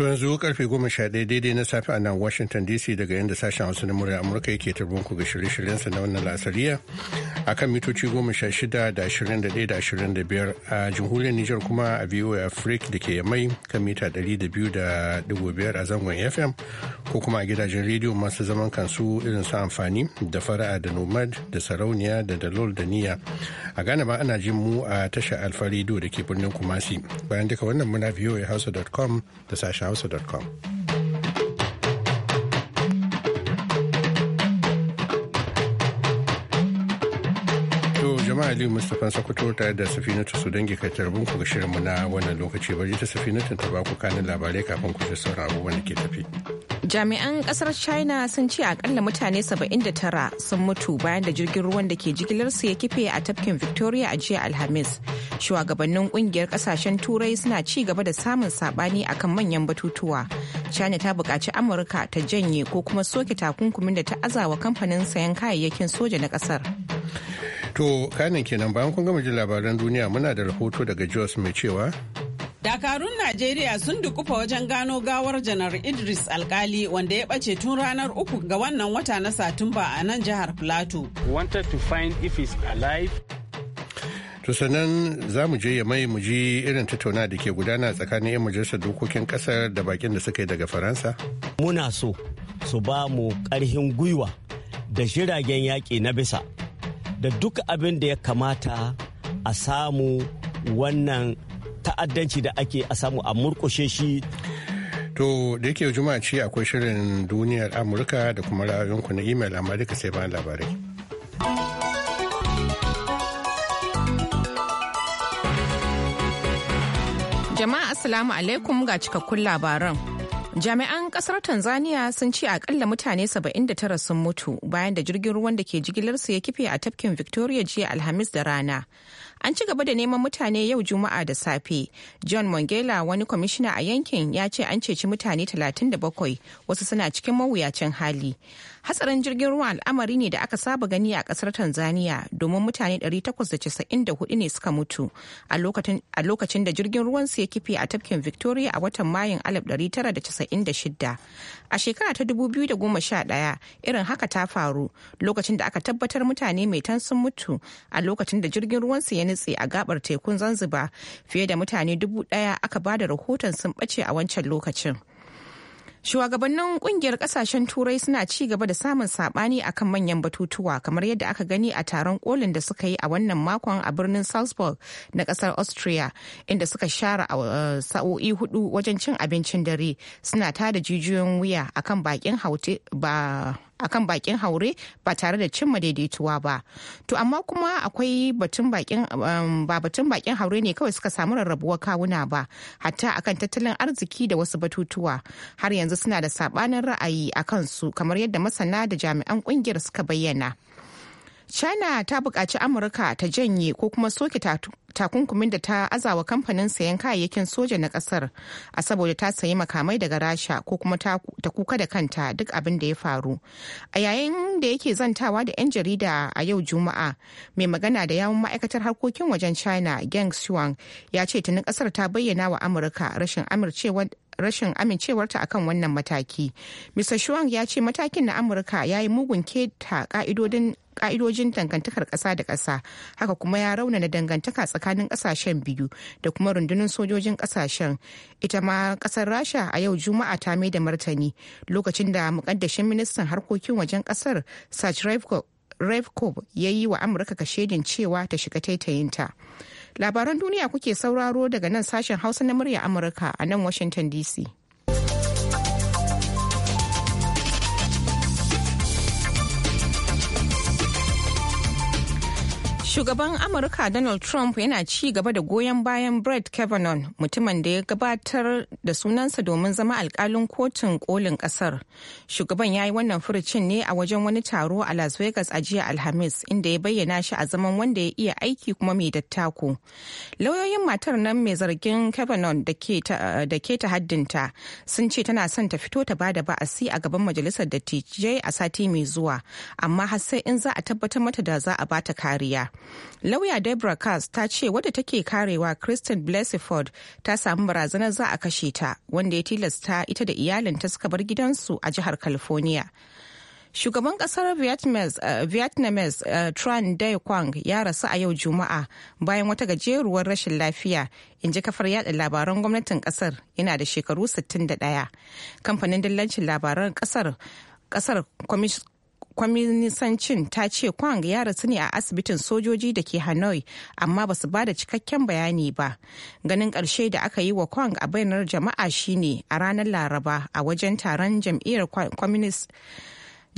To yanzu karfe goma sha daidai na safe a nan Washington DC daga yadda sashen wasu na murya Amurka yake tarbin ku ga shirye-shiryensa na wannan lasariya a kan mitoci goma sha shida da ashirin da ɗaya da ashirin da biyar a jamhuriyar Nijar kuma a VOA Africa da ke mai kan mita ɗari da biyu da dubu biyar a zangon FM ko kuma a gidajen rediyo masu zaman kansu irin su amfani da fara'a da nomad da sarauniya da dalol da niyya a Ghana ma ana jin mu a tashar Alfa Radio da ke birnin Kumasi bayan duka wannan muna Hausa.com da sashen voahausa.com. To jama'a Aliyu Mustapha sakoto ta da Safinatu su dangi kai tarbin ku ga shirinmu na wannan lokaci bari ta Safinatu ta ba ku kanin labarai kafin ku ji sauran wanda ke tafi. jami'an kasar china sun ce akalla mutane 79 sun mutu bayan da jirgin ruwan da ke jigilar su ya kife a tafkin victoria a jiya alhamis shugabannin kungiyar kasashen turai suna ci gaba da samun sabani akan manyan batutuwa china ta buƙaci amurka ta janye ko kuma soke takunkumin da ta azawa kamfanin sayan kayayyakin soja na kasar to kanin kenan bayan kun gama jin labaran duniya muna da rahoto daga jos mai cewa Dakarun Najeriya sun dukufa wajen gano gawar janar Idris Alkali wanda ya ɓace tun ranar uku ga wannan wata na Satumba a nan jihar Plateau. wanted to find if he's alive. To sannan za mu je ya mai mu ji irin tattauna da ke gudana tsakanin 'yan majalisar dokokin kasar da bakin da suka yi daga Faransa. Muna so su ba mu ƙarhin gwiwa da jiragen yaƙi na bisa da duk abin da ya kamata a samu wannan ta'addanci da ake a samu a murkushe shi to da yake juma'a ce akwai shirin duniyar amurka da kuma ra'ayoyinku na imel amma duka sai bayan labarai jama'a assalamu alaikum ga cikakkun labaran Jami'an kasar Tanzania sun ce akalla mutane 79 sun mutu bayan da jirgin ruwan da ke jigilarsu ya kife a tafkin Victoria jiya Alhamis da rana. An ci gaba da neman mutane yau Juma'a da safe. John Mongela wani kwamishina a yankin ya ce an ceci mutane 37 wasu suna cikin mawuyacin hali. Hatsarin jirgin ruwa al'amari ne da aka saba gani a kasar Tanzania domin mutane 894 ne suka mutu a lokacin da jirgin ruwan su ya kife a tafkin Victoria a watan Mayun 1996. A shekara ta 2011 irin haka ta faru lokacin da aka tabbatar mutane mai tan sun mutu a lokacin da jirgin ruwan su ya nutse a gabar tekun zanzibar fiye da mutane dubu daya aka ba da rahoton sun bace a wancan lokacin Shugabannin kungiyar kasashen turai suna ci gaba da samun sabani akan manyan batutuwa kamar yadda aka gani a taron kolin da suka yi a wannan makon a birnin Salzburg na kasar Austria inda suka share eh, sa'o'i hudu wajen cin abincin dare suna tada jijiyoyin wuya akan bakin akan bakin haure ba tare da cimma daidaituwa ba to amma kuma akwai batun bakin um, ba batun bakin haure ne kawai suka samu rarrabuwar kawuna ba hatta akan tattalin arziki da wasu batutuwa har yanzu suna da sabanin ra'ayi akan su kamar yadda masana da jami'an kungiyar suka bayyana China ta buƙaci Amurka ta janye ko kuma soke takunkumin da ta azawa kamfanin sayan kayayyakin soja na ƙasar a saboda ta sayi makamai daga Rasha ko kuma ta kuka da kanta duk abin da ya faru. A yayin da yake zantawa da 'yan jarida a yau Juma'a, mai magana da yawun ma'aikatar harkokin wajen China Geng Shuang ya ce tuni ƙasar ta bayyana wa Amurka rashin rashin amincewarta akan wannan mataki. Mr. Shuang ya ce matakin na Amurka ya yi mugun keta ka'idodin ka'idojin dangantakar ƙasa da ƙasa haka kuma ya raunana dangantaka tsakanin ƙasashen biyu da kuma rundunar sojojin ƙasashen ita ma ƙasar rasha a yau juma'a ta mai da martani lokacin da mukaddashin ministan harkokin wajen ƙasar sach revkov ya yi wa amurka kashedin cewa ta shiga taitayinta labaran duniya kuke sauraro daga nan sashen hausa na murya amurka a nan washington dc Shugaban Amurka Donald Trump yana ci gaba da goyon bayan Brett Kavanaugh mutumin da ya gabatar da sunansa domin zama alkalin kotun kolin kasar. Shugaban ya yi wannan furucin ne a wajen wani taro a Las Vegas a jiya Alhamis inda ya bayyana shi a zaman wanda ya iya aiki kuma mai dattako. Lauyoyin matar nan mai zargin Kavanaugh da ke ta haddinta sun ce tana son ta fito ta bada ba'asi a gaban majalisar dattijai a sati mai zuwa amma har sai in za a tabbatar mata da za a bata kariya. lauya deborah cass ta ce wadda take karewa kristen blessiford ta samu barazanar za a kashe ta wanda ya tilasta ita da iyalinta suka bar gidansu a jihar california shugaban kasar vietnamese uh, uh tran dai kwang ya rasu a yau juma'a bayan wata gajeruwar rashin lafiya in ji kafar yada labaran gwamnatin kasar yana da shekaru 61 kamfanin dillancin labaran kasar kasar kwaminisancin ta ce kwang ya rasu ne a asibitin sojoji da ke hanoi amma ba su ba da cikakken bayani ba ganin karshe da aka yi wa kwang a bayanar jama'a shine a ranar laraba a wajen taron jam'iyyar communist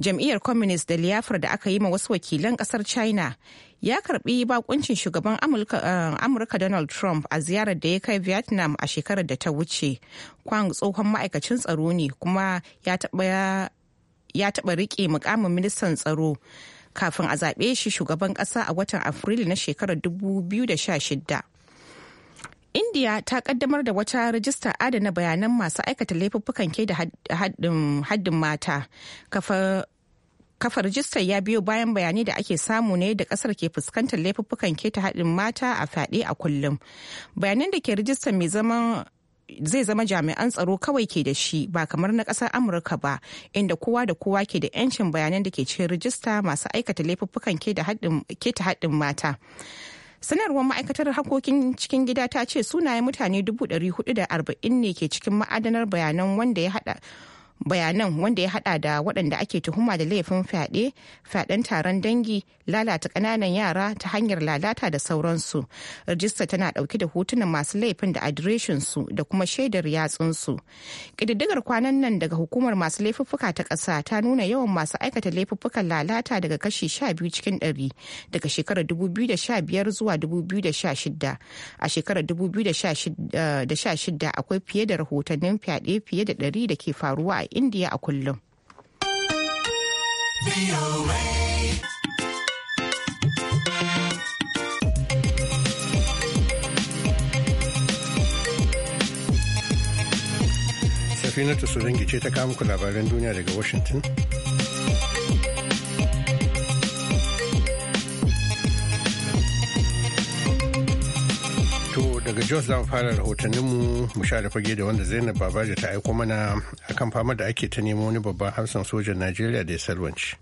jam'iyyar communist da liyafar da aka yi ma wasu wakilan kasar china ya karbi bakuncin shugaban eh, amurka donald trump a ziyarar da ya kai vietnam a shekarar da ta wuce kwang tsohon ma'aikacin tsaro ne kuma ya taba ya taɓa riƙe mukamin ministan tsaro kafin a zaɓe shi shugaban ƙasa a watan afrilu na shekarar 2016 india ta kaddamar da wata rajista adana bayanan masu aikata laifuffukan ke da haddin mata kafa kafa rijistar ya biyo bayan bayanai da ake samu ne da kasar ke fuskantar laifuffukan ta haɗin mata a fyaɗe a kullum bayanan da ke rijistar mai zaman zai zama jami'an tsaro kawai ke da shi ba kamar na kasar amurka ba inda kowa da kowa ke da 'yancin bayanan da ke cikin rijista masu aikata laifuffukan keta haɗin mata sanarwar ma'aikatar harkokin cikin gida ta ce sunayen mutane dubu ɗari da arba'in ne ke cikin ma'adanar bayanan wanda ya haɗa. bayanan wanda ya hada da waɗanda ake tuhuma da laifin fyaɗe fyaɗen taron dangi lalata ƙananan yara ta hanyar lalata da sauransu rajista tana ɗauke da hotunan masu laifin da adireshinsu da kuma shaidar yatsunsu ƙididdigar kwanan nan daga hukumar masu laifuffuka ta ƙasa ta nuna yawan masu aikata laifuffukan lalata daga kashi 12 cikin ɗari daga shekarar 2015 zuwa 2016 a shekarar 2016 eh, akwai fiye da rahotannin fyaɗe fiye da ɗari da ke faruwa a indiya a kullum. Safinatu su ce ta kama ku labaran duniya daga Washington. daga Jos zamu fara rahotanninmu mu sha da fage da wanda Zainab Babaji ta aiko mana akan fama da ake ta nemo wani babban hafsan sojan Najeriya da ya salwanci.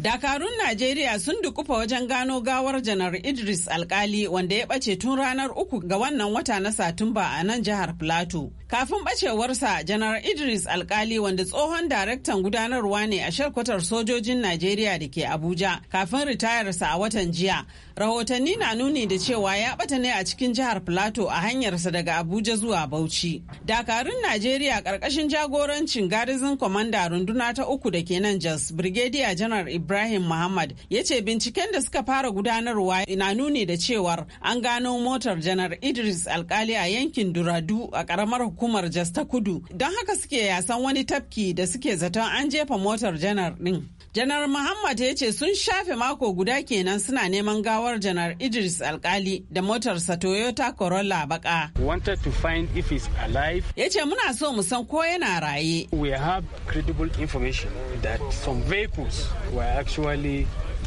Dakarun Najeriya sun dukufa wajen gano gawar janar Idris Alkali wanda ya ɓace tun ranar uku ga wannan wata na Satumba a nan jihar Plateau. Kafin ɓacewarsa, janar Idris Alkali wanda tsohon daraktan gudanarwa ne a shalkwatar sojojin Najeriya da ke Abuja kafin ritayarsa a watan jiya. Rahotanni na nuni da cewa ya ɓata ne a cikin jihar Plateau a hanyarsa daga Abuja zuwa Bauchi. Dakarun Najeriya ƙarƙashin jagorancin Garizin Kwamanda runduna ta uku da ke nan Jos, Brigadier Janar Ibrahim Muhammad ya ce binciken da suka fara gudanarwa na nuni da cewar an gano motar janar Idris alkali a yankin Duradu a karamar hukumar Jas ta Kudu. Don haka suke yasan wani tafki da suke zaton an jefa motar janar din. janar muhammad ya ce sun shafe mako guda kenan suna neman gawar janar idris alkali da motarsa toyota corolla baka wanted to find if he's alive ya ce muna so mu san ko yana raye we have credible information that some vehicles were actually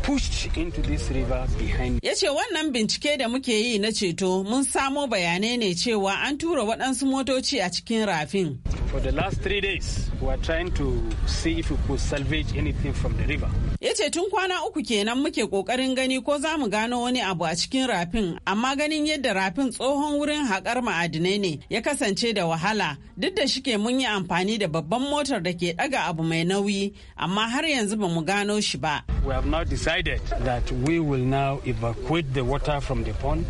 pushed into this river behind. Ya ce wannan bincike da muke yi na ceto mun samo bayanai ne cewa an tura waɗansu motoci a cikin rafin. For the last three days, we are trying to see if we could salvage anything from the river. Ya ce tun kwana uku kenan muke kokarin gani ko za mu gano wani abu a cikin rafin, amma ganin yadda rafin tsohon wurin haƙar ma'adinai ne ya kasance da wahala, duk da shike mun yi amfani da babban motar da ke ɗaga abu mai nauyi, amma har yanzu ba mu gano shi ba. We have now decided that we will now evacuate the water from the pond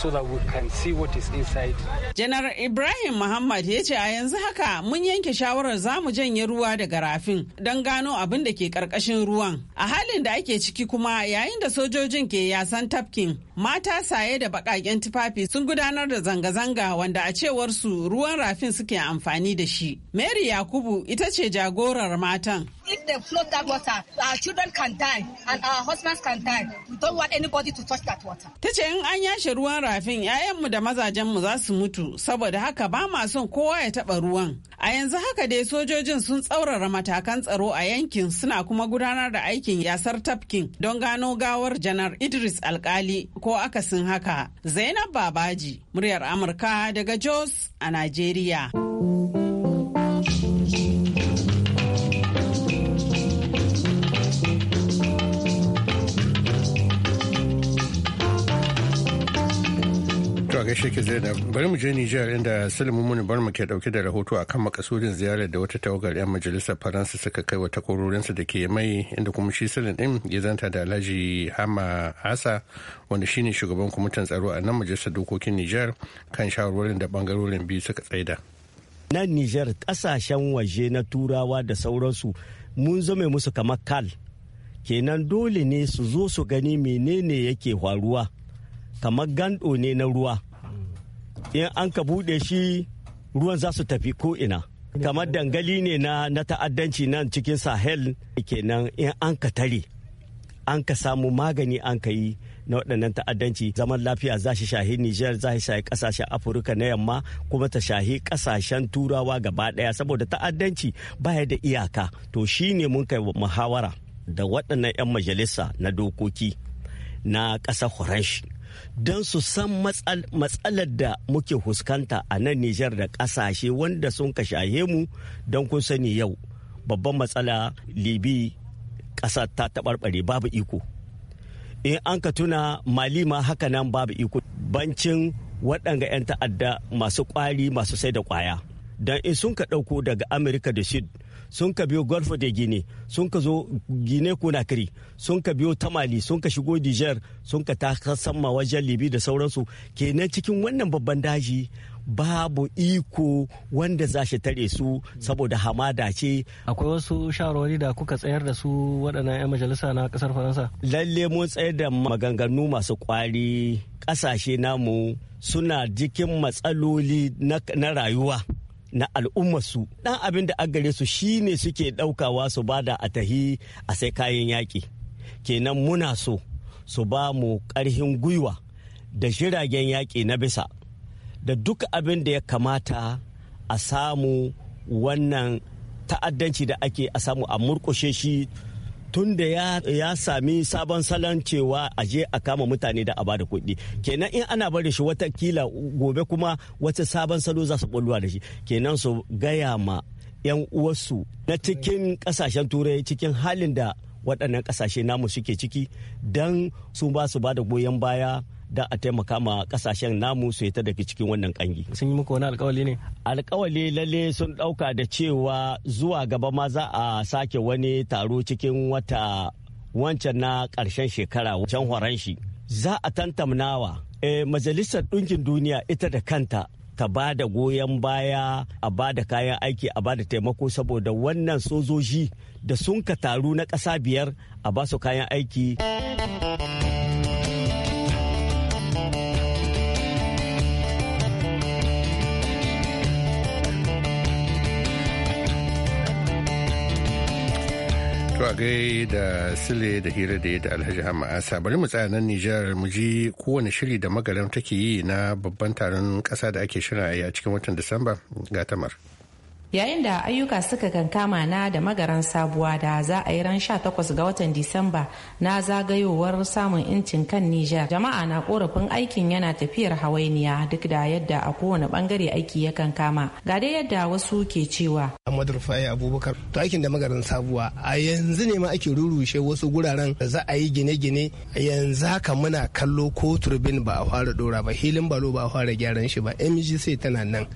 so that we can see what is inside. General Ibrahim Muhammad ya ce a yanzu haka mun yanke shawarar za mu janye ruwa daga rafin don gano abin da ke karkashin ruwan. A halin da ake ciki kuma yayin da sojojin ke yasan tafkin mata saye da bakaken tufafi sun gudanar da zanga-zanga wanda a cewar su ruwan rafin suke amfani da shi. Mary Yakubu ita ce jagorar matan. If they float that water, our children can die and our husbands can die. We don't want anybody to touch that water. Ta ce in an yashe ruwan rafin 'ya'yanmu da mazajenmu za su mutu saboda haka ba ma son kowa ya taɓa ruwan. A yanzu haka dai sojojin sun tsaurara matakan tsaro a yankin suna kuma gudanar da aikin yasar tafkin don gano gawar janar Idris Alkali ko akasin haka. Zainab Babaji, muryar Amurka daga Jos a Najeriya. gaishe ke zai da bari mu je Nijar inda Salimu Muni Barma ke dauke da rahoto a kan makasudin ziyarar da wata tawagar 'yan majalisar Faransa suka kai wa takwarorinsu da ke mai inda kuma shi Sulaiman din ya zanta da Alhaji Hama Asa wanda shine shugaban kwamitin tsaro a nan majalisar dokokin Nijar kan shawarwarin da bangarorin biyu suka tsaida. Nan Nijar kasashen waje na Turawa da sauransu mun zame musu kamar kal kenan dole ne su zo su gani menene yake faruwa kamar gando ne na ruwa in an ka buɗe shi ruwan za su tafi ko ina kamar dangali ne na na ta'addanci nan cikin sahel kenan in an ka tare an ka samu magani an ka yi na waɗannan ta'addanci zaman lafiya za shi shahi Nijar za shi shahi ƙasashen Afirka na yamma kuma ta shahi ƙasashen turawa gaba ɗaya saboda ta'addanci baya da iyaka to shi ne mun kai muhawara da waɗannan 'yan majalisa na dokoki na ƙasar Horanshi don su san matsalar da muke fuskanta a nan Nijar da ƙasashe wanda sun ka shahe mu don kun sani yau babban matsala libi ƙasa ta taɓarɓare babu iko in an ka tuna mali ma haka nan babu iko bancin waɗanga 'yan ta'adda masu ƙwari masu sai da ƙwaya don in sun ka ɗauko daga amurka da shid sun ka biyo golf da gine sun ka zo gine kiri sun ka biyo tamali sun ka shigo dijer sun ka ta sama wajen libi da sauransu kenan cikin wannan babban daji babu iko wanda za shi tare su saboda hamada ce. Akwai wasu shawarwari da kuka tsayar da su waɗannan 'yan majalisa na ƙasar Faransa? Lalle mun tsayar da maganganu masu ƙwari ƙasashe namu suna jikin matsaloli na rayuwa. na al'ummarsu ɗan abin da gare su shi ne suke ɗaukawa su bada a tahi a sai kayan yaƙi kenan muna so su ba mu ƙarhin gwiwa da jiragen yaƙi na bisa da duk abin da ya kamata a samu wannan ta'addanci da ake a samu a murƙushe shi tun da ya, sami sabon salon cewa a je a kama mutane da a bada kuɗi kenan in ana bari shi watakila gobe kuma wata sabon salo za su ɓulluwa da shi kenan su gaya ma 'yan uwarsu na cikin ƙasashen turai cikin halin da waɗannan ƙasashe namu suke ciki don su ba su ba da goyon baya da a taimaka ma kasashen namu su ta daga cikin wannan kangi. Sun yi muku wani alkawali ne? Alkawali lalle sun dauka da cewa zuwa gaba ma za a sake wani taro cikin wata wancan na karshen shekara wancan horon shi. Za a tantamnawa e, majalisar ɗinkin duniya ita da kanta ta ba da goyon baya a ba da kayan aiki a ba da taimako saboda wannan sojoji da sun ka taru na ƙasa biyar a ba su kayan aiki. To a gai da Sile da Hira da da Alhaji Hama'asa bari mu tsaya nan Nijar mu ji kowane shiri da magaram take yi na babban taron ƙasa da ake shirin a cikin watan Disamba ga tamar. yayin da ayyuka suka kankama na da magaran sabuwa da za a yi ran 18 ga watan disamba na zagayowar samun incin kan nijar jama'a na korafin aikin yana tafiyar hawainiya duk da yadda a kowane bangare aiki ya kankama ga dai yadda wasu ke cewa ahmad rufai abubakar to aikin da magaran sabuwa a yanzu ne ma ake rurushe wasu guraren da za a yi gine-gine yanzu haka muna kallo ko turbin ba a fara dora ba hilin balo ba a fara gyaran shi ba mgc tana nan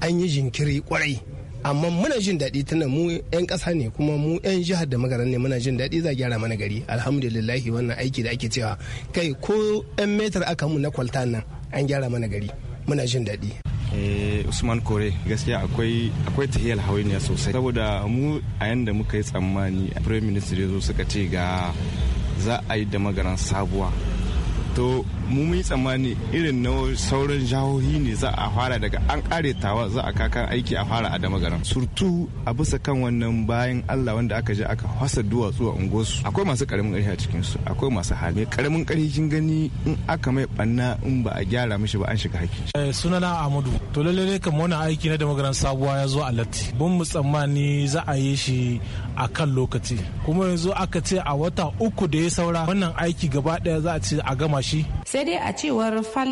an yi jinkiri kwarai amma muna jin daɗi tana mu 'yan ƙasa ne kuma mu 'yan jihar da magaran ne muna jin daɗi za a gyara mana gari alhamdulillahi wannan aiki da ake cewa kai ko 'yan metar aka mu na kwalta nan an gyara mana gari muna jin daɗi eh, usman kore gaskiya akwai akwai tahiyar hawainiya sosai saboda mu a yanda muka yi tsammani prime minister ya zo suka ce ga za a yi da magaran sabuwa to mu yi tsammani irin na sauran jahohi ne za a fara daga an kare tawa za a kakan aiki a fara a dama garan surtu a bisa kan wannan bayan allah wanda aka je aka hasa duwatsu a unguwarsu akwai masu karamin karfi a cikin su akwai masu hali karamin karfi kin gani in aka mai banna in ba a gyara mishi ba an shiga haki eh, sunana amadu to lalle kan wani aiki na dama sabuwa ya zo a latti bun mu tsammani za a yi shi a kan lokaci kuma yanzu aka ce a wata uku da ya saura wannan aiki gaba daya za a ce a gama shi. Sai dai a cewar Fal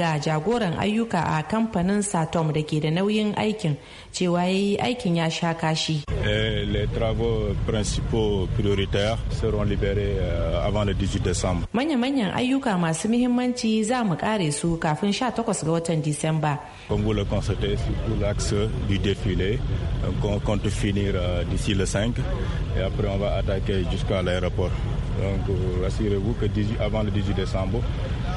ga jagoran ayyuka a kamfanin Satom da ke da nauyin aikin cewa ya yi aikin ya sha kashi. Eh, les travaux principaux prioritaires seront libérés euh, avant le 18 décembre. Manya-manyan ayyuka masu muhimmanci za mu kare su kafin 18 ga watan disemba. Comme vous le constatez, surtout l'axe du défilé, euh, on compte finir euh, d'ici le 5 et après on va attaquer jusqu'à l'aéroport. Donc, euh, assurez vous que avant le 18 décembre,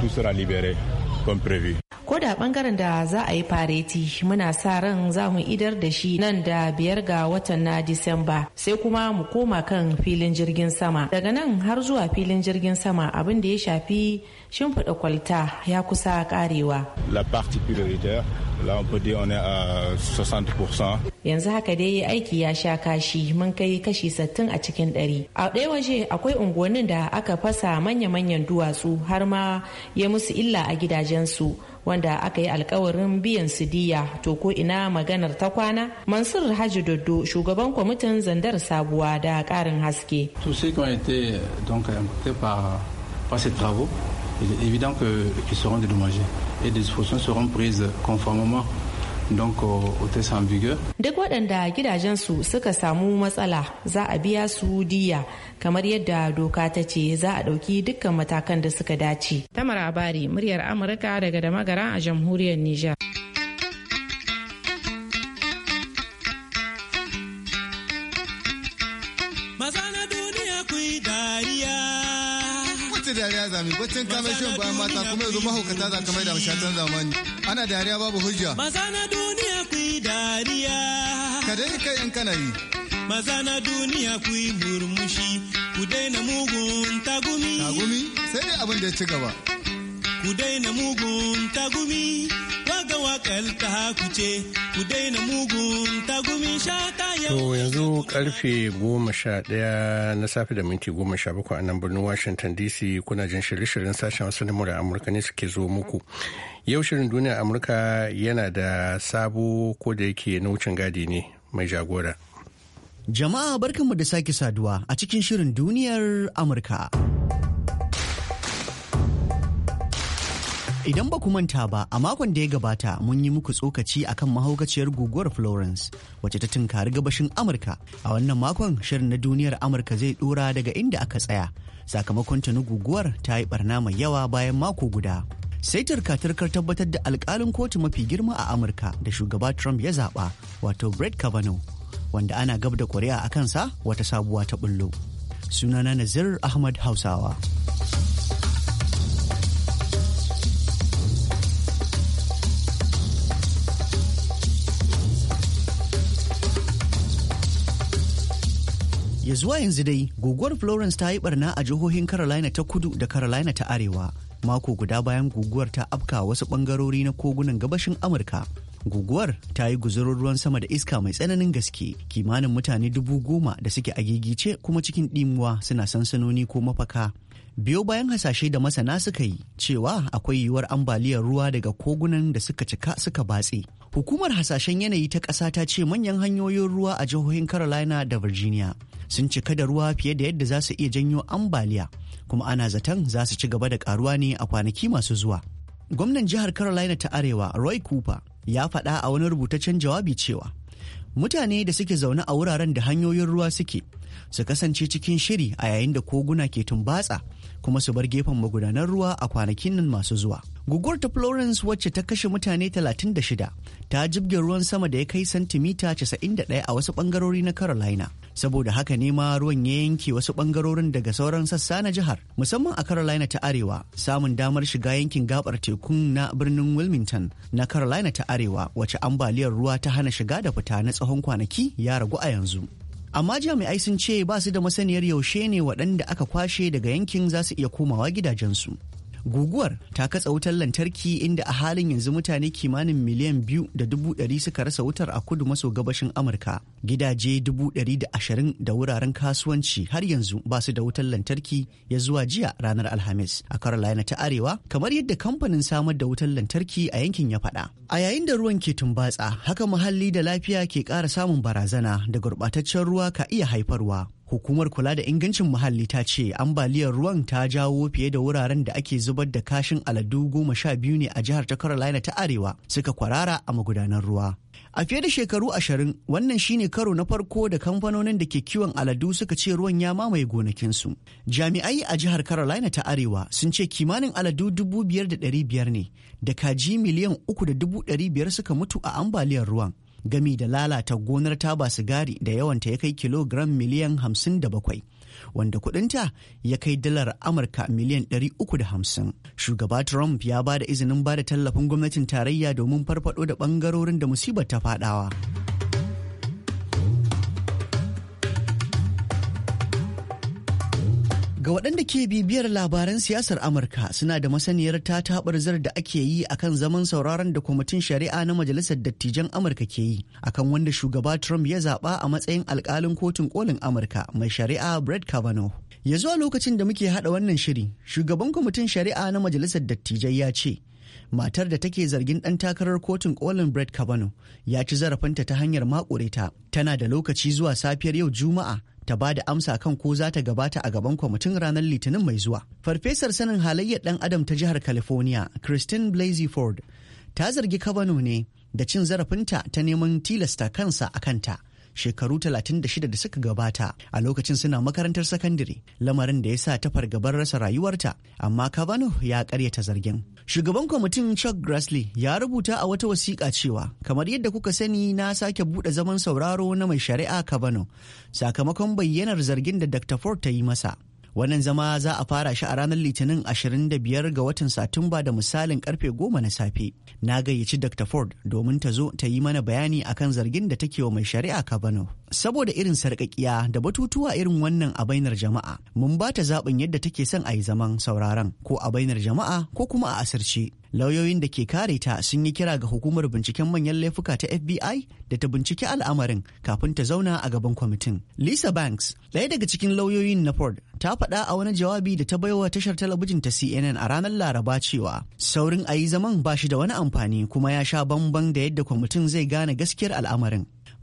tout sera libéré comme prévu. ko da bangaren da za a yi fareti muna sa ran za mu idar da shi nan da biyar ga watan na disamba sai kuma mu koma kan filin jirgin sama daga nan har zuwa filin jirgin sama abin da ya shafi shimfiɗa kwalta ya kusa karewa. La partie prioritaire la on peut dire on est à 60%. Yanzu haka dai aiki ya sha kashi mun kai kashi 60 a cikin ɗari. A ɗaya waje akwai unguwannin da aka fasa manya-manyan duwatsu har ma ya musu illa a gidajensu. wanda aka yi alkawarin biyan sidiya to ko ina maganar ta kwana mansur hajji doddo shugaban kwamitin zandar sabuwa da karin haske tous ceux qui ont été donc impactés ba par ces il est évident qu'ils seront dédommagés et des dispositions seront prises conformément donc au test en vigueur. Duk waɗanda gidajensu suka samu matsala za a biya su diya kamar yadda doka ta ce za a ɗauki dukkan matakan da suka dace. Tamar Abari, muryar Amurka daga Damagara a jamhuriyar Nijar. zami baccin kame shan bayan mata kuma yanzu mahaukata za ka mai da mashatan zamani ana dariya babu hujja maza na duniya ku yi dariya ka dai kai in kana yi maza na duniya ku yi murmushi ku daina mugun tagumi tagumi sai dai abin da ya ci gaba ku daina mugun tagumi ga ta ku daina mugun tagumin To yanzu karfe goma sha ɗaya na safe da minti goma sha bakwai a nan birnin Washington DC kuna jin shirye-shiryen sashen wasu lamura Amurka ne suke zo muku. Yau shirin duniyar Amurka yana da sabo ko da yake na wucin gadi ne mai jagora. Jama'a barkanmu da sake saduwa a cikin shirin duniyar Amurka. Idan ba ku manta ba a makon da ya gabata mun yi muku tsokaci akan mahaukaciyar guguwar Florence wacce ta tunkari gabashin Amurka. A wannan makon shirin na duniyar Amurka zai dora daga inda aka tsaya. Sakamakon tuni guguwar ta yi barna mai yawa bayan mako guda. Sai turka kar tabbatar da alkalin kotu mafi girma a Amurka da shugaba Trump ya zaɓa wato Brett Kavanaugh wanda ana gab da ƙuri'a a kansa wata sabuwa ta bullo. Sunana Nazir Ahmad Hausawa. ya zuwa yanzu dai guguwar florence ta yi barna a jihohin carolina ta kudu da carolina ta arewa mako guda bayan guguwar ta afka wasu bangarori na kogunan gabashin amurka guguwar ta yi guzurin ruwan sama da iska mai tsananin gaske kimanin mutane dubu goma da suke agigice kuma cikin dimuwa suna sansanoni ko mafaka biyo bayan hasashe da masana suka yi cewa akwai yiwuwar ambaliyar ruwa daga kogunan da suka cika suka batse hukumar hasashen yanayi ta ƙasa ta ce manyan hanyoyin ruwa a jihohin carolina da virginia sun cika da ruwa fiye da yadda za su iya janyo ambaliya kuma ana zaton za su ci gaba da karuwa ne a kwanaki masu zuwa gwamnan jihar carolina ta arewa roy cooper ya faɗa a wani rubutaccen jawabi cewa mutane da suke zaune a wuraren da hanyoyin ruwa suke su kasance cikin shiri a yayin da koguna ke tumbatsa kuma su bar gefen magudanar ruwa a kwanakin nan masu zuwa. Guguwar ta Florence wacce ta kashe mutane 36 ta jibge ruwan sama da ya kai santimita 91 a wasu bangarori na Carolina. Saboda haka ne ma ruwan ya yanke wasu bangarorin daga sauran sassa na jihar, musamman a Carolina ta Arewa, samun damar shiga yankin gabar tekun na birnin Wilmington na Carolina ta Arewa wacce ambaliyar ruwa ta hana shiga da fita na tsawon kwanaki ya ragu a yanzu. amma jami'ai sun ce ba su da masaniyar yaushe ne waɗanda aka kwashe daga yankin za su iya komawa gidajensu guguwar ta katsa wutar lantarki inda a halin yanzu mutane kimanin miliyan biyu da dubu ɗari suka rasa wutar a kudu maso gabashin amurka gidaje dubu ɗari da ashirin da wuraren kasuwanci har yanzu ba su da wutar lantarki ya zuwa jiya ranar alhamis a carolina ta arewa kamar yadda kamfanin samar da wutar lantarki a yankin ya faɗa a yayin da ruwan ke tumbatsa haka muhalli da lafiya ke ƙara samun barazana da gurɓataccen ruwa ka iya haifarwa hukumar kula da ingancin muhalli ta ce ambaliyar ruwan ta jawo fiye da wuraren da ake zubar da kashin aladu goma sha biyu ne a jihar ta carolina ta arewa suka kwarara a magudanan ruwa a fiye da shekaru ashirin wannan shine karo na farko da kamfanonin da ke kiwon aladu suka ce ruwan ya mamaye gonakinsu jami'ai a jihar carolina ta arewa sun ce kimanin aladu dubu biyar da ɗari biyar ne da kaji miliyan uku da dubu ɗari biyar suka mutu a ambaliyar ruwan gami da lalata gonar taba sigari da yawanta ya kai kilogram miliyan 57 wanda kudinta ya kai dalar amurka miliyan 350 shugaba trump ya ba da izinin ba da tallafin gwamnatin tarayya domin farfado da bangarorin da musibar ta fadawa. Ga waɗanda ke bibiyar labaran siyasar Amurka suna da masaniyar ta tabarzar da ake yi akan zaman sauraron da kwamitin shari'a na Majalisar Dattijan Amurka ke yi akan wanda shugaba Trump ya zaba a matsayin alkalin kotun kolin Amurka mai shari'a Brett Kavanaugh. Ya zuwa lokacin da muke haɗa wannan shiri, shugaban kwamitin shari'a na Majalisar Dattijai ya ce, matar da take zargin dan takarar kotun kolin Brett Kavanaugh ya ci zarafinta ta hanyar maƙureta. Tana da lokaci zuwa safiyar yau Juma'a ta ba da amsa kan ko za ta gabata a gaban kwamitin ranar litinin mai zuwa. Farfesar sanin halayyar ɗan adam ta jihar California, Christine Blasey Ford, ta zargi Kavanaugh ne da cin zarafinta ta neman tilasta kansa a kanta shekaru 36 da suka gabata a lokacin suna makarantar sakandare lamarin da ya sa ta fargabar rasa rayuwarta amma Kavanaugh ya karyata zargin. Shugaban kwamitin Chuck Grassley ya rubuta a wata wasiƙa cewa kamar yadda kuka sani na sake buɗe zaman sauraro na mai shari'a Kavanaugh sakamakon bayyanar zargin da Dr. Ford ta yi masa. Wannan zama za a fara shi a ranar Litinin 25 ga watan Satumba da misalin karfe 10 na safe. Na gayyaci Dr. Ford domin ta zo ta yi mana bayani akan zargin da take wa mai shari'a Kavanaugh. Saboda irin sarƙaƙiya da batutuwa irin wannan a bainar jama'a, mun ba ta zaɓin yadda take son a yi zaman sauraron ko a bainar jama'a ko kuma a asirce. lauyoyin da ke kare ta sun yi kira ga hukumar binciken manyan laifuka ta fbi da ta binciki al'amarin kafin ta zauna a gaban kwamitin lisa banks ɗaya daga cikin lauyoyin na ford ta faɗa a wani jawabi da ta baiwa tashar talabijin ta cnn a ranar laraba cewa saurin a yi zaman ba shi da wani amfani kuma ya sha bamban da yadda kwamitin zai gane gaskiyar al'amarin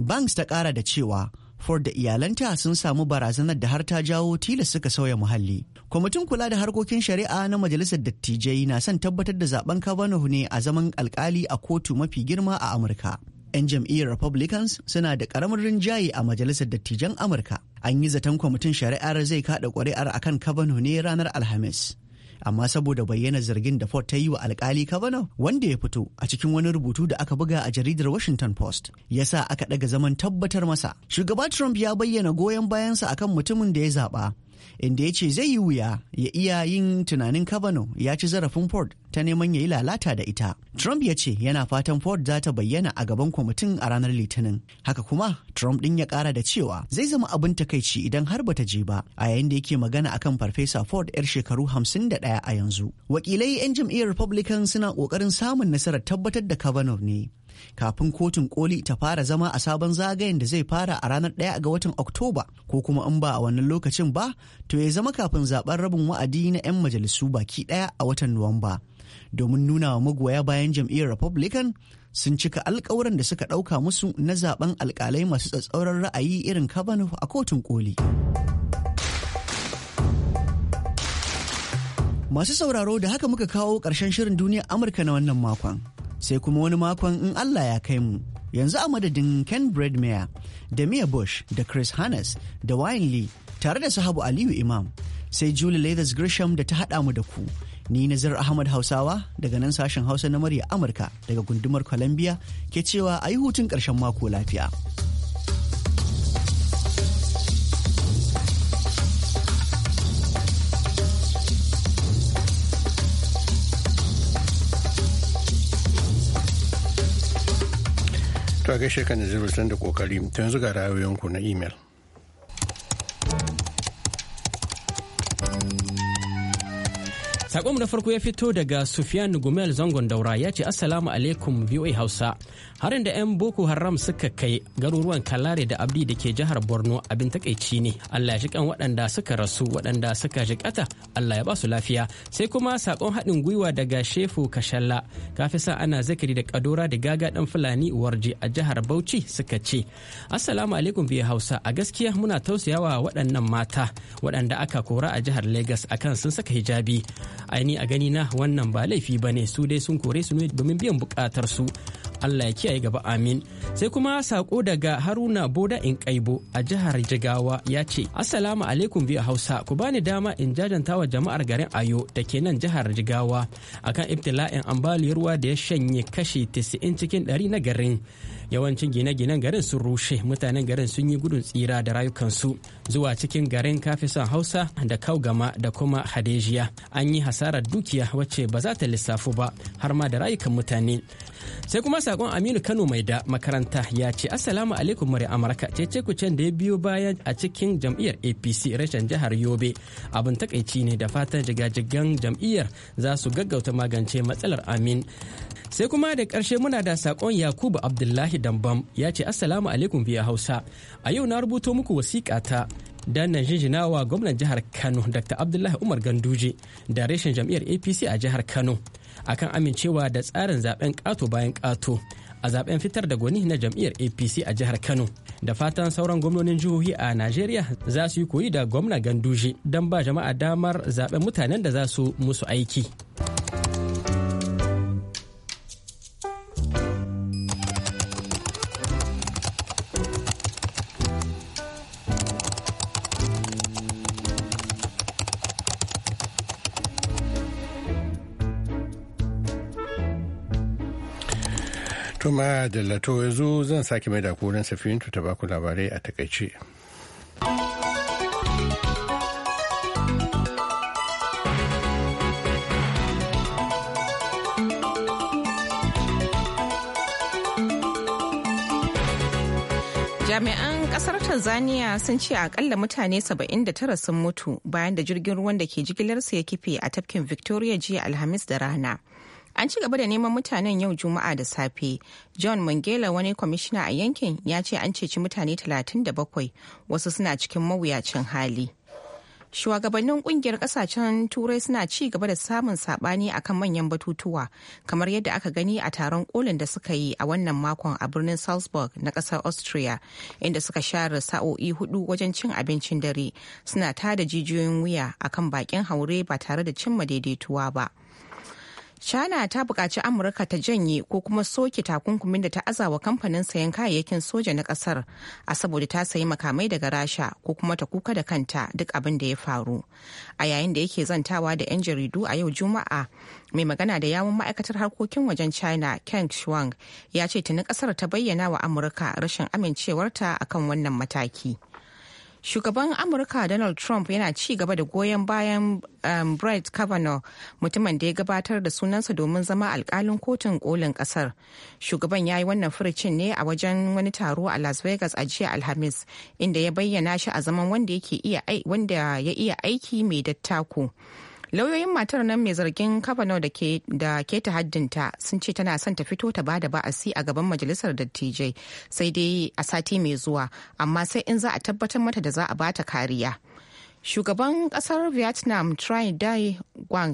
banks ta ƙara da cewa ford da iyalanta sun samu barazanar da har ta jawo tilas suka sauya muhalli Kwamitin kula da harkokin shari'a na Majalisar Dattijai na son tabbatar da zaben Kavanaugh ne a zaman alkali a kotu mafi girma a Amurka. 'Yan jam'iyyar Republicans suna da karamin rinjaye a Majalisar Dattijan Amurka. An yi zaton kwamitin shari'ar zai kaɗa ƙuri'ar akan Kavanaugh ne ranar Alhamis. Amma saboda bayyana zargin da Ford ta yi wa alkali Kavanaugh wanda ya fito a cikin wani rubutu da aka buga a jaridar Washington Post ya sa aka ɗaga zaman tabbatar masa. Shugaba Trump ya bayyana goyon bayansa akan mutumin da ya zaɓa. inda ya ce zai yi wuya ya iya yin tunanin kavanaugh ya ci zarafin ford ta neman ya yi lalata da ita trump ya ce yana fatan ford za ta bayyana a gaban kwamitin a ranar litinin haka kuma trump din ya kara da cewa zai zama abin takaici idan har bata je ba a yayin da yake magana akan farfesa ford yar shekaru hamsin da ɗaya a yanzu wakilai 'yan jam'iyyar republican suna kokarin samun nasarar tabbatar da kavanaugh ne kafin kotun koli ta fara zama a sabon zagayen da zai fara a ranar 1 ga watan oktoba ko kuma in ba a wannan lokacin ba to ya zama kafin zaɓen rabin wa'adi na 'yan majalisu baki daya a watan nuwamba domin nuna wa magoya bayan jam'iyyar republican sun cika alkawuran da suka ɗauka musu na zaben alkalai masu tsatsauran ra'ayi irin kavanaugh a kotun koli. Masu sauraro da haka muka kawo ƙarshen shirin duniya Amurka na wannan makon. sai kuma wani makon in Allah ya kai mu. Yanzu a madadin Ken Bradmeyer da Mia Bush da Chris Hannes da Wayne Lee tare da sahabu Aliyu Imam sai Julie Leathers Grisham da ta haɗa mu da ku. Ni Nazar Ahmad Hausawa daga nan sashen Hausa na murya Amurka daga gundumar Columbia ke cewa a yi hutun ƙarshen mako lafiya. kaka gaishe ka Naziru san da kokari tun yanzu ga ra'ayoyinku na email. Sakonmu na farko ya fito daga Sufyan Gumel Zangon Daura ya ce Assalamu alaikum VOA Hausa. Harin da 'yan Boko Haram suka kai garuruwan Kalare da Abdi da ke jihar Borno abin takaici ne. Allah ya kan waɗanda suka rasu waɗanda suka ƙata Allah ya ba su lafiya. Sai kuma sakon haɗin gwiwa daga Shefu Kashalla. Kafi sa ana zikiri da Kadora da Gaga ɗan Fulani warji a jihar Bauchi suka ce Assalamu alaikum VOA Hausa a gaskiya muna tausayawa waɗannan mata waɗanda aka kora a jihar Legas akan sun saka hijabi. aini a gani na wannan ba laifi ba ne su dai sun kore su ne domin biyan bukatar su allah ya kiyaye gaba amin sai kuma sako daga haruna boda in kaibo a jihar jigawa ya ce assalamu alaikum biya hausa ku bani dama in jajanta wa jama'ar garin ayo da ke nan jihar jigawa akan ibtila'in ambaliyar ruwa da ya shanye kashi 90 cikin 100 na garin yawancin gine-ginen garin sun rushe mutanen garin sun yi gudun tsira da rayukansu zuwa cikin garin kafisan hausa da gama da kuma hadejiya an yi hasarar dukiya wacce ba za ta lissafu ba har ma da rayukan mutane sai kuma sakon aminu kano mai da makaranta ya ce assalamu alaikum murya amurka ce kucen da ya biyo baya a cikin jam'iyyar apc rashin jihar yobe abin takaici ne da fatan jigajigan jam'iyyar za su gaggauta magance matsalar amin sai kuma da ƙarshe muna da sakon yakubu abdullahi dambam ya ce assalamu alaikum biya hausa a yau na rubuto muku wasiƙa ta dan nan jinjinawa gwamnan jihar kano dr abdullahi umar ganduje da reshen jam'iyyar apc a jihar kano akan amincewa da tsarin zaben ƙato bayan ƙato a zaben fitar da gwani na jam'iyyar apc a jihar kano da fatan sauran gwamnonin jihohi a najeriya za su yi koyi da gwamna ganduje don ba jama'a damar zaben mutanen da za su musu aiki Tuma da lato zo zan sake mai da kuren safiyin ta baku labarai a takaice. jami'an kasar tanzania sun ce akalla mutane 79 sun mutu bayan da jirgin ruwan da ke jigilarsu ya kife a tafkin victoria jiya alhamis da rana An ci gaba da neman mutanen yau Juma'a da safe. John Mangela wani kwamishina a yankin ya ce an ceci mutane 37 wasu suna cikin mawuyacin hali. Shugabannin kungiyar kasashen turai suna ci gaba da samun sabani akan manyan batutuwa kamar yadda aka gani a taron kolin da suka yi a wannan makon a birnin Salzburg na kasar Austria inda suka share sa'o'i hudu wajen cin abincin dare suna tada jijiyoyin wuya akan bakin haure ba tare da cimma daidaituwa ba. China ta buƙaci Amurka ta janye ko kuma soke takunkumin da ta azawa kamfanin sayan kayayyakin soja na ƙasar a saboda ta sayi makamai daga Rasha ko kuma ta kuka da kanta duk abin da ya faru. A yayin da yake zantawa da 'yan jaridu a yau Juma'a, mai magana da yawun ma'aikatar harkokin wajen China Ken Shuang ya ce tuni ƙasar ta bayyana wa Amurka rashin amincewarta akan wannan mataki. shugaban amurka donald trump yana ci gaba da goyon bayan um, brett kavanaugh mutumin da ya gabatar da sunansa domin zama alkalin kotun kolin kasar shugaban ya yi wannan furucin ne a wajen wani taro a las vegas a jiya alhamis inda ya bayyana shi a zaman wanda ya iya aiki mai dattako lauyoyin matar nan mai zargin kavanaugh da ke ta haddinta sun ce tana son ta fito ta bada ba'asi a gaban majalisar dattijai sai dai a sati mai zuwa amma sai in za a tabbatar mata da za a bata kariya shugaban kasar vietnam tri dai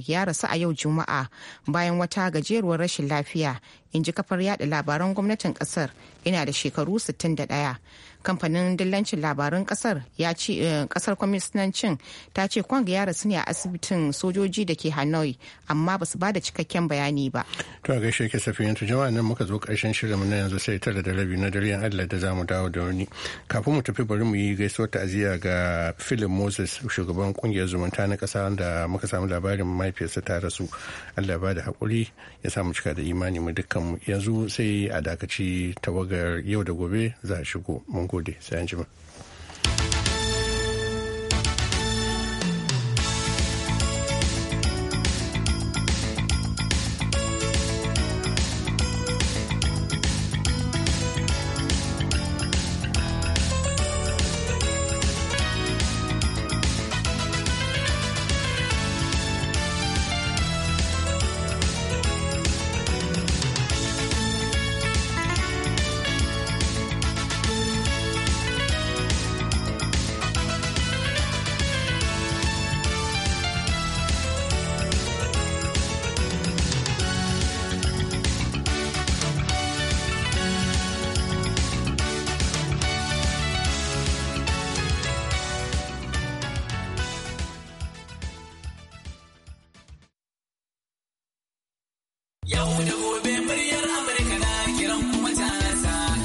ya rasu a yau juma'a bayan wata gajeruwar rashin lafiya in ji kafar yada labaran gwamnatin kasar yana da shekaru 61 kamfanin dillancin labarun kasar ya ce eh, kasar ta ce kwanga ya rasu ne a asibitin sojoji da ke hanoi amma ba su ba da cikakken bayani ba to a gaishe ke safiyan tu jama'a nan muka zo karshen shirin na yanzu sai tara da rabi na daren allah da zamu dawo da wani kafin mu tafi bari mu yi gaisuwar ta'aziyya ga philip moses shugaban kungiyar zumunta na kasa da muka samu labarin mahaifiyarsa ta rasu allah ba da hakuri ya samu cika da imani mu dukkan yanzu sai a dakaci tawagar yau da gobe za a shigo mun you, Sanjima.